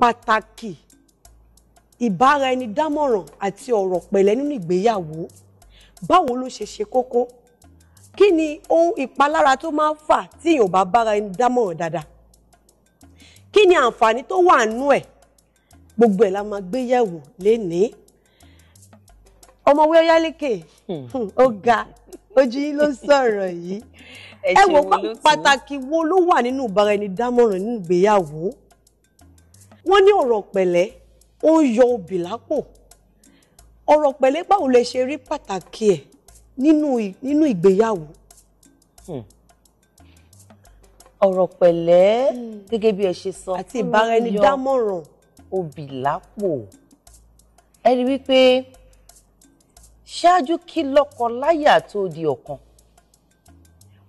pàtàkì ìbára ẹni dámọ̀ràn àti ọ̀rọ̀ pẹ̀lẹ́ nínú ìgbéyàwó báwo ló ṣe ṣe kókó kí ni ohun ìpalára tó máa ń fà tí èèyàn bá bára ẹni dámọ̀ràn dáadáa kí ni àǹfààní tó wà nú ẹ̀ gbogbo ẹ̀ la máa gbé yẹ̀wò lénìí ọmọwé Ọyálékè ọ̀gá hmm. ojú yín ló sọ̀rọ̀ yìí ẹ wò pàtàkì wo ló wà nínú ìbára ẹni dámọ̀ràn nínú ìgbéyàwó wọ́n ní ọ̀rọ̀ pẹ̀lẹ́ ó ń yọ obì lápò ọ̀rọ̀ pẹ̀lẹ́ báwo lẹ ṣe rí pàtàkì ẹ̀ nínú nínú ìgbéyàwó. Hmm. ọ̀rọ̀ pẹ̀lẹ́ hmm. gẹ́gẹ́ bí ẹ ṣe sọ àti ìbáraẹnidámọ̀ràn obì lápò ẹ rí wípé ṣáájú kí lọ́kọ láyà tó di ọ̀kan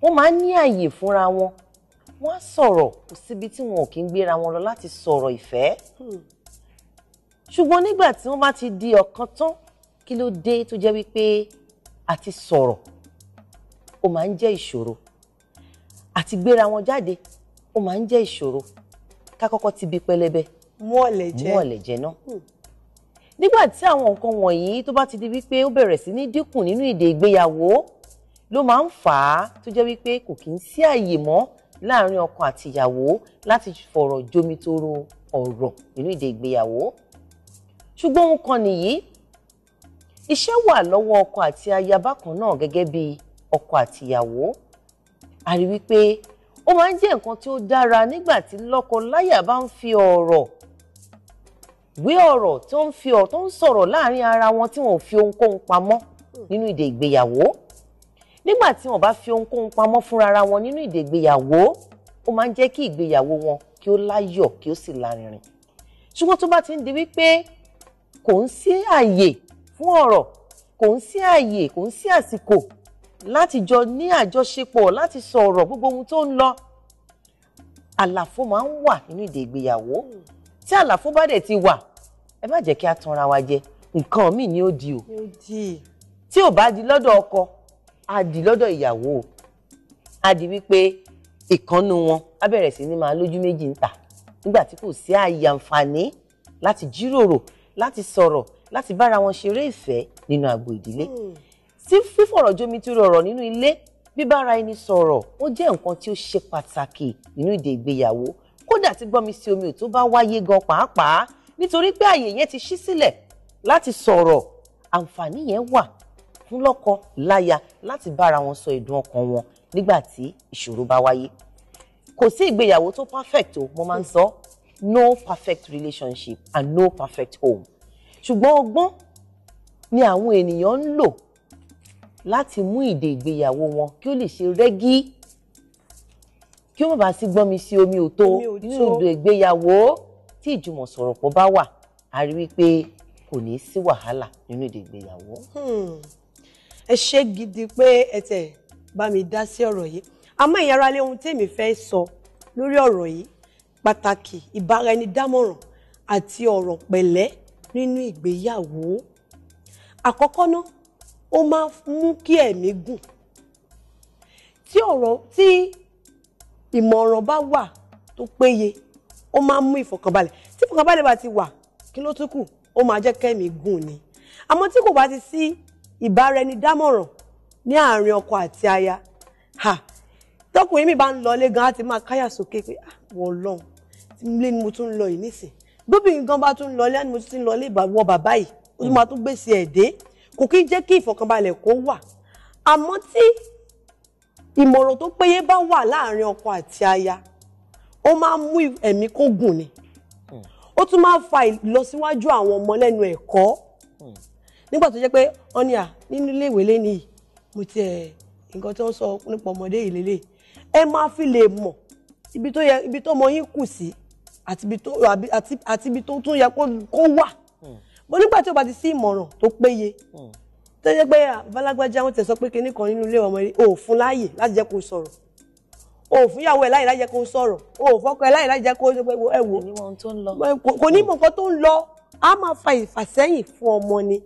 wọ́n máa ń ní àyè fúnra wọn wọ́n á sọ̀rọ̀ kò síbi tí wọn ò kí ń gbéra wọn lọ láti sọ̀rọ̀ ìfẹ́ hmm. ṣùgbọ́n nígbà tí wọ́n bá ti di ọ̀kan tán kí ló dé tó jẹ́ wípé àti sọ̀rọ̀ ó máa ń jẹ́ ìṣòro àti gbéra wọn jáde ó máa ń jẹ́ ìṣòro ká kọ́kọ́ ti bi pẹlẹbẹ mọ́ọ̀lẹ̀ jẹ́ mọ́ọ̀lẹ̀ jẹ́ náà hmm. nígbà tí àwọn nǹkan wọ̀nyí tó bá ti di wípé ó bẹ̀rẹ̀ sí ní dínkù nínú ìdè ìgbéyàwó ló máa ń fà á tó jẹ́ wípé kò kì í sí àyè mọ́ láàrin ọkọ àti ìyàwó láti fọ̀rọ̀ jomitoro ọ̀rọ̀ nínú ìdè ìgbéyàwó ṣùgbọ́n òun kan nìyí iṣẹ́ wà lọ́wọ́ ọkọ àti aya bákan náà gẹ́gẹ́ bí ọkọ àti ìyàwó a rí wípé ó máa ń jẹ́ nǹkan tí ó dára nígbà tí lọ́kọ bá ń fi ọ̀rọ̀ wé ọ̀rọ̀ tó ń fi ọ̀rọ̀ tó ń sọ̀rọ̀ láàrin ara wọn tí wọn ò fi ohunkóhun pamọ́ nínú ìdè ìgbéyàwó nígbà tí wọn bá fi ohunkóhun pamọ́ fúnra ara wọn nínú ìdè ìgbéyàwó ó máa ń jẹ́ kí ìgbéyàwó wọn kí ó láyọ̀ kí ó sì lárinrin ṣùgbọ́n tó bá ti ń di wípé kò ń sí àyè fún ọ̀rọ̀ kò ń sí àyè kò ń sí àsìkò láti jọ ní àjọṣepọ̀ láti sọ̀rọ̀ gbogbo ohun tó ń lọ àlàfo máa ń wà nínú ìdè ìgbéyàwó tí àlàfo bá dẹ̀ ti wà ẹ má jẹ́ kí a tanra wa jẹ nǹkan míì ni ó di o tí ò bá di lọ́dọ̀ ọkọ àdì lọ́dọ̀ ìyàwó àdì wípé ìkànnù wọn á bẹ̀rẹ̀ sí ní máa lójú méjì ń tà nígbà tí kò sí àyè àǹfààní láti jíròrò láti sọ̀rọ̀ láti bára wọn ṣeré ìfẹ́ nínú agbo ìdílé hmm. tí fífọ̀rọ̀ jomi tó rọrọ̀ nínú ilé bíbára ẹni sọ̀rọ̀ ó jẹ́ nǹkan tí ó ṣe pàtàkì nínú ìdè ìgbéyàwó kódà tí gbọ́mi sí omi ò tó bá wáyé gan pàápàá nítorí pé àyè yẹn ti ṣí sílẹ̀ láti sọ̀rọ̀ àǹfààní yẹn wà fún lọ́kọ láya láti bára wọn sọ ìdùn ọkàn wọn nígbà tí ìṣòro bá wáyé kò sí ìgbéyàwó tó perfect o mo máa ń sọ no perfect relationship and no perfect home ṣùgbọ́n ọgbọ́n ni àwọn ènìyàn ń lò láti mú ìdè ìgbéyàwó wọn kí ó lè ṣe rẹ́gí kí wọ́n bá sí gbọ́nmi sí omi òtó nínú ìdè ìgbéyàwó tí ìjùmọ̀sọ̀rọ̀pọ̀ bá wà a rí wípé kò ní sí wàhálà nínú ìdè ìgbéyàwó. Hmm ẹ ṣé gidi pé ẹ tẹ̀ bá mi dá sí ọ̀rọ̀ yìí àmọ́ ẹ̀yin aráalé ohun tèmi fẹ́ sọ lórí ọ̀rọ̀ yìí pàtàkì ìbáraẹnidámọ̀ràn àti ọ̀rọ̀ pẹ̀lẹ́ nínú ìgbéyàwó àkọ́kọ́ náà ó máa ń mú kí ẹ̀mí gùn tí ọ̀rọ̀ tí ìmọ̀ràn bá wà tó péye ó máa mú ìfọ̀kànbalẹ̀ tí ìfọ̀kànbalẹ̀ bá ti wà kí ló tún kù ó máa jẹ́ kẹ́mi gùn ni àmọ́ tí kò bá ti sí ìbáraẹnidámọ̀ràn ní àárín ọkọ àti aya ha tọkùnrin mi bá ń lọlé gan á ti máa káyà sókè pé ah, wọ́n lọ́n ilé ni mo tún ń lọ yìí nísìn gbóbìnrin gan bá tún ń lọlé ni mo tún ń lọlé ìbàwọ bàbá yìí ó tún máa tún gbèsè ẹ̀dẹ́ kò kí ń jẹ́ kí ìfọ̀kànbalẹ̀ kó wà àmọ́ tí ìmọ̀ràn tó péye bá wà láàárín ọkọ àti aya ó máa mú ẹ̀mí kó gùn ni hmm. ó tún máa fa ìlọsíwájú àwọn ọmọ lẹ́nu ẹ̀kọ́ hmm nígbà tó jẹ́ pé wọ́n ní à nínú ilé ìwé lẹ́ni yìí mo ti ẹ̀ eh, nǹkan tó ń sọ nípa ọmọdé yìí lélẹ̀ ẹ máa fi lè mọ̀ ibi tó yẹ ibi tó ọmọ yín kù sí àti ibi tó tún yẹ kó wà mo hmm. nígbà tí o bá ti sí ìmọ̀ràn tó péye hmm. tó jẹ́ pé balágbájá wọn ti sọ pé kinní kan nínú ilé ọmọ ò fún láàyè láti jẹ́ kó sọ̀rọ̀ ò fún ìyàwó ẹ láyè láyè jẹ́ kó sọ̀rọ̀ ò fọ́kọ ẹ láyè láyè jẹ́ kó ẹ wò kò ní mọ̀ nǹkan tó ń lọ a máa fa ìfàsẹ́yìn fún ọmọ ni